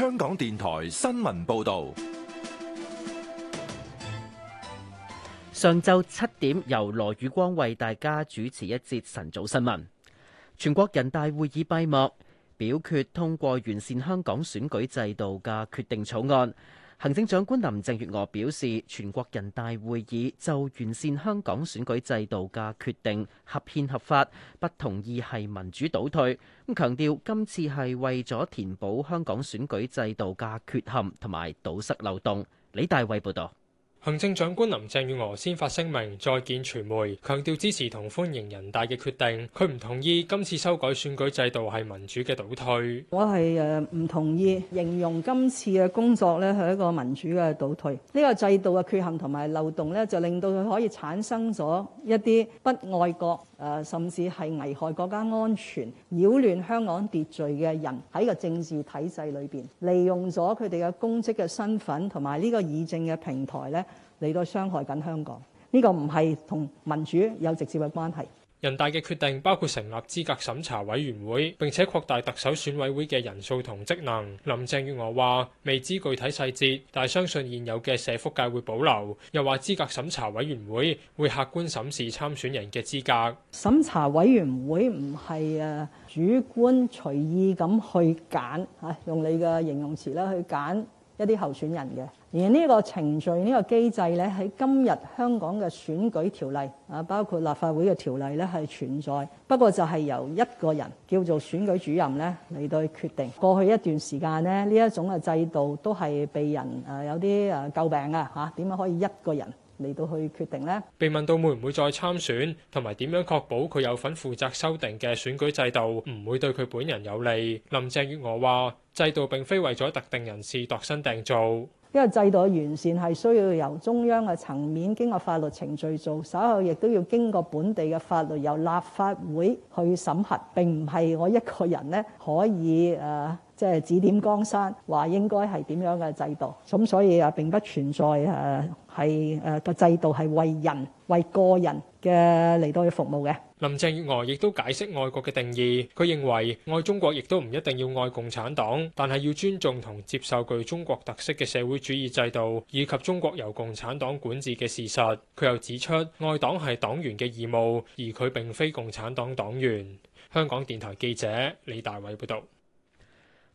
香港電台新聞報道，上晝七點由羅宇光為大家主持一節晨早新聞。全國人大會議閉幕，表決通過完善香港選舉制度嘅決定草案。行政長官林鄭月娥表示，全國人大會議就完善香港選舉制度嘅決定合憲合法，不同意係民主倒退。咁強調，今次係為咗填補香港選舉制度嘅缺陷同埋堵塞漏洞。李大衛報導。行政長官林鄭月娥先發聲明，再見傳媒，強調支持同歡迎人大嘅決定。佢唔同意今次修改選舉制度係民主嘅倒退。我係誒唔同意形容今次嘅工作呢係一個民主嘅倒退。呢個制度嘅缺陷同埋漏洞呢，就令到佢可以產生咗一啲不愛國誒，甚至係危害國家安全、擾亂香港秩序嘅人喺個政治體制裏邊，利用咗佢哋嘅公職嘅身份同埋呢個議政嘅平台呢。你都傷害緊香港，呢個唔係同民主有直接嘅關係。人大嘅決定包括成立資格審查委員會，並且擴大特首選委會嘅人數同職能。林鄭月娥話未知具體細節，但係相信現有嘅社福界會保留。又話資格審查委員會會客觀審視參選人嘅資格。審查委員會唔係誒主觀隨意咁去揀吓，用你嘅形容詞啦去揀。一啲候選人嘅，而呢個程序呢、呢個機制咧，喺今日香港嘅選舉條例啊，包括立法會嘅條例咧，係存在，不過就係由一個人叫做選舉主任咧嚟到去決定。過去一段時間呢呢一種嘅制度都係被人誒、呃、有啲誒詬病啊嚇，點樣可以一個人嚟到去決定呢？被問到會唔會再參選，同埋點樣確保佢有份負責修訂嘅選舉制度唔會對佢本人有利，林鄭月娥話。制度並非為咗特定人士度身訂造，呢個制度嘅完善係需要由中央嘅層面經過法律程序做，稍後亦都要經過本地嘅法律由立法會去審核，並唔係我一個人咧可以誒即係指點江山話應該係點樣嘅制度，咁所以啊並不存在誒係誒個制度係為人為個人嘅嚟到去服務嘅。林鄭月娥亦都解釋愛國嘅定義，佢認為愛中國亦都唔一定要愛共產黨，但係要尊重同接受具中國特色嘅社會主義制度，以及中國由共產黨管治嘅事實，佢又指出，愛黨係黨員嘅義務，而佢並非共產黨黨員，香港電台記者李大偉報道。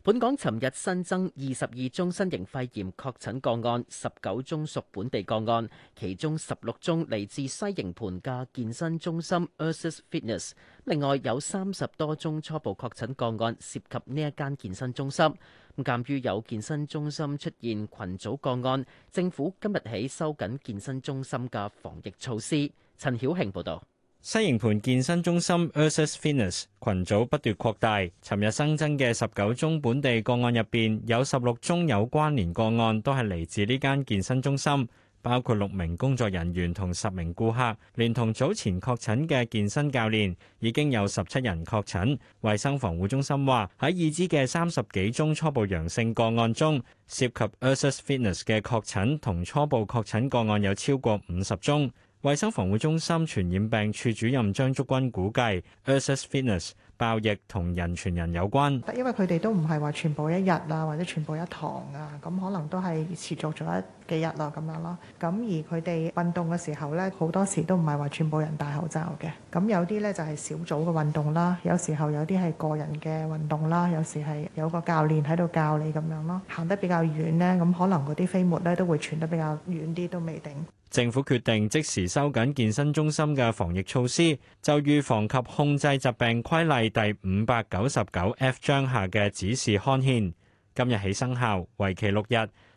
本港尋日新增二十二宗新型肺炎確診個案，十九宗屬本地個案，其中十六宗嚟自西營盤嘅健身中心 Ursus Fitness。另外有三十多宗初步確診個案涉及呢一間健身中心。咁，鑒於有健身中心出現群組個案，政府今日起收緊健身中心嘅防疫措施。陳曉慶報道。西營盤健身中心 Ursus Fitness 群組不斷擴大，尋日新增嘅十九宗本地個案入面，有十六宗有關聯個案都係嚟自呢間健身中心，包括六名工作人員同十名顧客，連同早前確診嘅健身教練，已經有十七人確診。衛生防護中心話喺已知嘅三十幾宗初步陽性個案中，涉及 Ursus Fitness 嘅確診同初步確診個案有超過五十宗。衛生防護中心傳染病處主任張竹君估計，Ursus Fitness 爆疫同人傳人有關，因為佢哋都唔係話全部一日啊，或者全部一堂啊，咁可能都係持續咗一。幾日咯，咁樣咯，咁而佢哋運動嘅時候咧，好多時都唔係話全部人戴口罩嘅。咁有啲咧就係小組嘅運動啦，有時候有啲係個人嘅運動啦，有時係有個教練喺度教你咁樣咯。行得比較遠咧，咁可能嗰啲飛沫咧都會傳得比較遠啲，都未定。政府決定即時收緊健身中心嘅防疫措施，就《預防及控制疾病規例》第五百九十九 F 章下嘅指示刊憲，今日起生效，為期六日。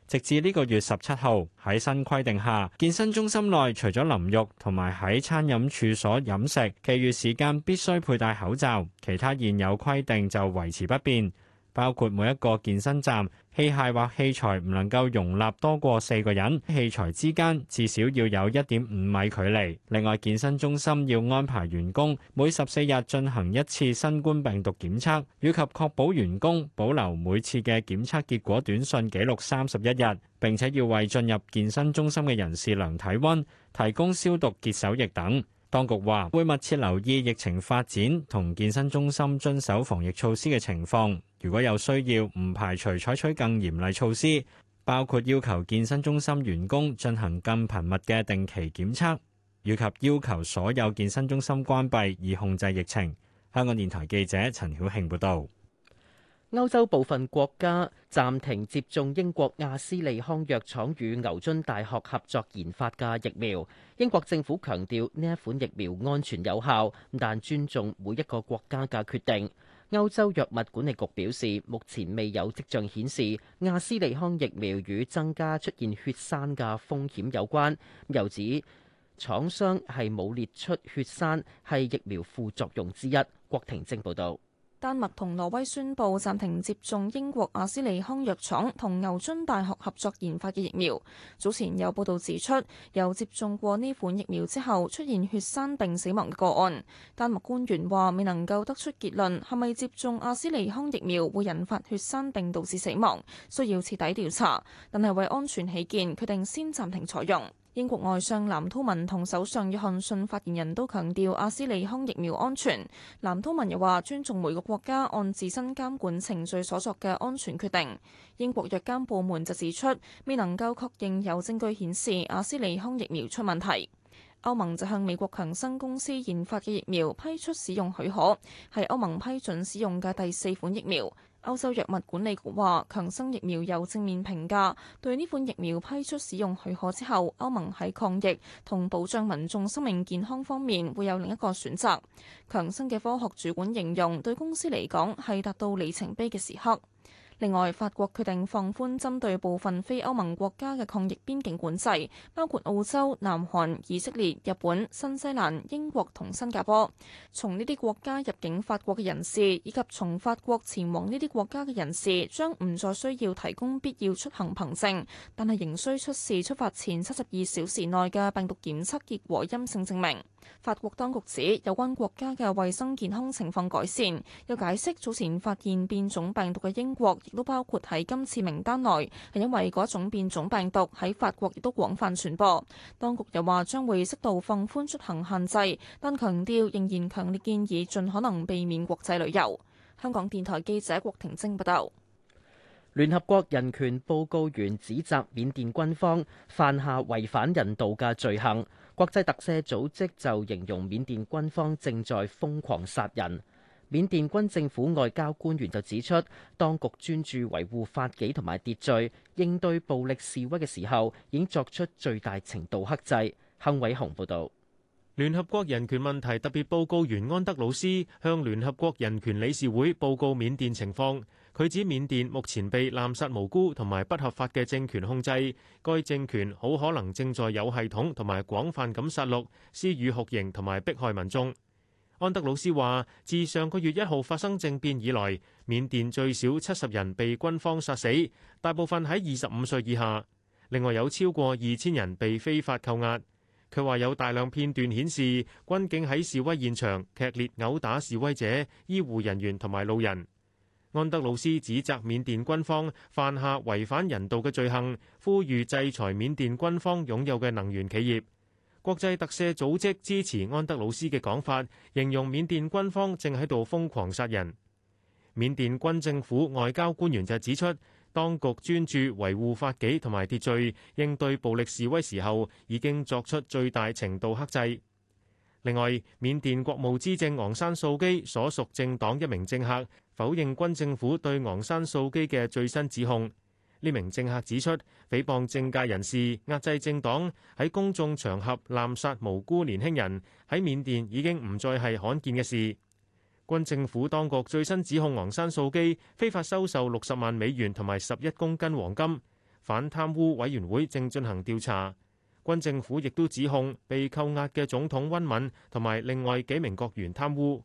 直至呢個月十七號，喺新規定下，健身中心內除咗淋浴同埋喺餐飲處所飲食，其餘時間必須佩戴口罩，其他現有規定就維持不變。包括每一個健身站，器械或器材唔能夠容納多過四個人，器材之間至少要有一點五米距離。另外，健身中心要安排員工每十四日進行一次新冠病毒檢測，以及確保員工保留每次嘅檢測結果短信記錄三十一日，並且要為進入健身中心嘅人士量體溫、提供消毒潔手液等。當局話會密切留意疫情發展同健身中心遵守防疫措施嘅情況。如果有需要，唔排除採取更嚴厲措施，包括要求健身中心員工進行更頻密嘅定期檢測，以及要求所有健身中心關閉以控制疫情。香港電台記者陳曉慶報道。歐洲部分國家暫停接種英國阿斯利康藥廠與牛津大學合作研發嘅疫苗。英國政府強調呢一款疫苗安全有效，但尊重每一個國家嘅決定。歐洲藥物管理局表示，目前未有跡象顯示阿斯利康疫苗與增加出現血栓嘅風險有關。又指廠商係冇列出血栓係疫苗副作用之一。郭婷貞報道。丹麥同挪威宣布暫停接種英國阿斯利康藥廠同牛津大學合作研發嘅疫苗。早前有報道指出，有接種過呢款疫苗之後出現血栓並死亡嘅個案。丹麥官員話，未能夠得出結論係咪接種阿斯利康疫苗會引發血栓並導致死亡，需要徹底調查。但係為安全起見，決定先暫停採用。英國外相藍韜文同首相約翰遜發言人都強調阿斯利康疫苗安全。藍韜文又話尊重每個國家按自身監管程序所作嘅安全決定。英國藥監部門就指出，未能夠確認有證據顯示阿斯利康疫苗出問題。歐盟就向美國強生公司研發嘅疫苗批出使用許可，係歐盟批准使用嘅第四款疫苗。歐洲藥物管理局話，強生疫苗有正面評價，對呢款疫苗批出使用許可之後，歐盟喺抗疫同保障民眾生命健康方面會有另一個選擇。強生嘅科學主管形容，對公司嚟講係達到里程碑嘅時刻。另外，法國決定放寬針對部分非歐盟國家嘅抗疫邊境管制，包括澳洲、南韓、以色列、日本、新西蘭、英國同新加坡。從呢啲國家入境法國嘅人士，以及從法國前往呢啲國家嘅人士，將唔再需要提供必要出行憑證，但係仍需出示出發前七十二小時內嘅病毒檢測結果陰性證明。法國當局指有關國家嘅衛生健康情況改善，又解釋早前發現變種病毒嘅英國。亦都包括喺今次名單內，係因為嗰種變種病毒喺法國亦都廣泛傳播。當局又話將會適度放寬出行限制，但強調仍然強烈建議盡可能避免國際旅遊，香港電台記者郭婷晶報道。聯合國人權報告員指責緬甸軍方犯下違反人道嘅罪行，國際特赦組織就形容緬甸軍方正在瘋狂殺人。緬甸軍政府外交官員就指出，當局專注維護法紀同埋秩序，應對暴力示威嘅時候，已經作出最大程度克制。亨偉雄報導。聯合國人權問題特別報告員安德魯斯向聯合國人權理事會報告緬甸情況。佢指，緬甸目前被濫殺無辜同埋不合法嘅政權控制，該政權好可能正在有系統同埋廣泛咁殺戮、施予酷刑同埋迫害民眾。安德魯斯話，自上個月一號發生政變以來，緬甸最少七十人被軍方殺死，大部分喺二十五歲以下。另外有超過二千人被非法扣押。佢話有大量片段顯示軍警喺示威現場劇烈毆打示威者、醫護人員同埋路人。安德魯斯指責緬甸軍方犯下違反人道嘅罪行，呼籲制裁緬甸軍方擁有嘅能源企業。國際特赦組織支持安德魯斯嘅講法，形容緬甸軍方正喺度瘋狂殺人。緬甸軍政府外交官員就指出，當局專注維護法紀同埋秩序，應對暴力示威時候，已經作出最大程度克制。另外，緬甸國務資政昂山素基所屬政黨一名政客否認軍政府對昂山素基嘅最新指控。呢名政客指出，誹謗政界人士、壓制政黨、喺公眾場合濫殺無辜年輕人，喺緬甸已經唔再係罕見嘅事。軍政府當局最新指控昂山素姬非法收受六十萬美元同埋十一公斤黃金，反貪污委員會正進行調查。軍政府亦都指控被扣押嘅總統溫敏同埋另外幾名國員貪污。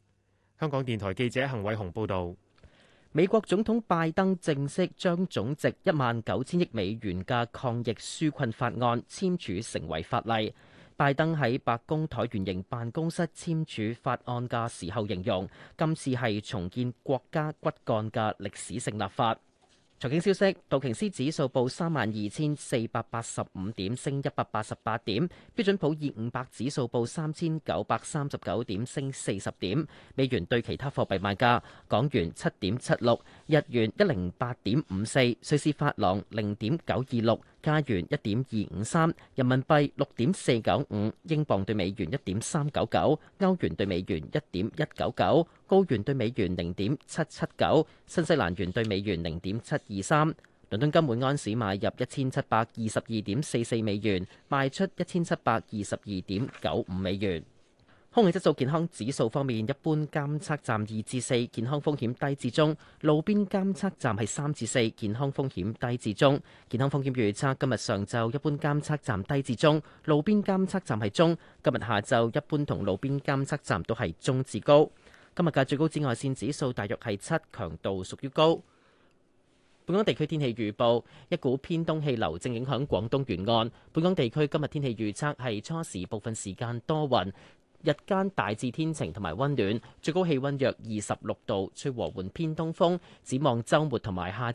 香港電台記者陳偉雄報道。美國總統拜登正式將總值一萬九千億美元嘅抗疫紓困法案簽署成為法例。拜登喺白宮橢圓形辦公室簽署法案嘅時候形容，今次係重建國家骨幹嘅歷史性立法。財經消息：道瓊斯指數報三萬二千四百八十五點升一百八十八點，標準普爾五百指數報三千九百三十九點升四十點，美元兌其他貨幣賣價港元七點七六，日元一零八點五四，瑞士法郎零點九二六。加元一點二五三，人民幣六點四九五，英鎊對美元一點三九九，歐元對美元一點一九九，高元對美元零點七七九，新西蘭元對美元零點七二三，倫敦金每安士買入一千七百二十二點四四美元，賣出一千七百二十二點九五美元。空氣質素健康指數方面，一般監測站二至四，健康風險低至中；路邊監測站係三至四，健康風險低至中。健康風險預測今日上晝一般監測站低至中，路邊監測站係中；今日下晝一般同路邊監測站都係中至高。今日嘅最高紫外線指數大約係七，強度屬於高。本港地區天氣預報，一股偏東氣流正影響廣東沿岸，本港地區今日天氣預測係初時部分時間多雲。日間大致天晴同埋溫暖，最高氣溫約二十六度，吹和緩偏東風，展望周末同埋下。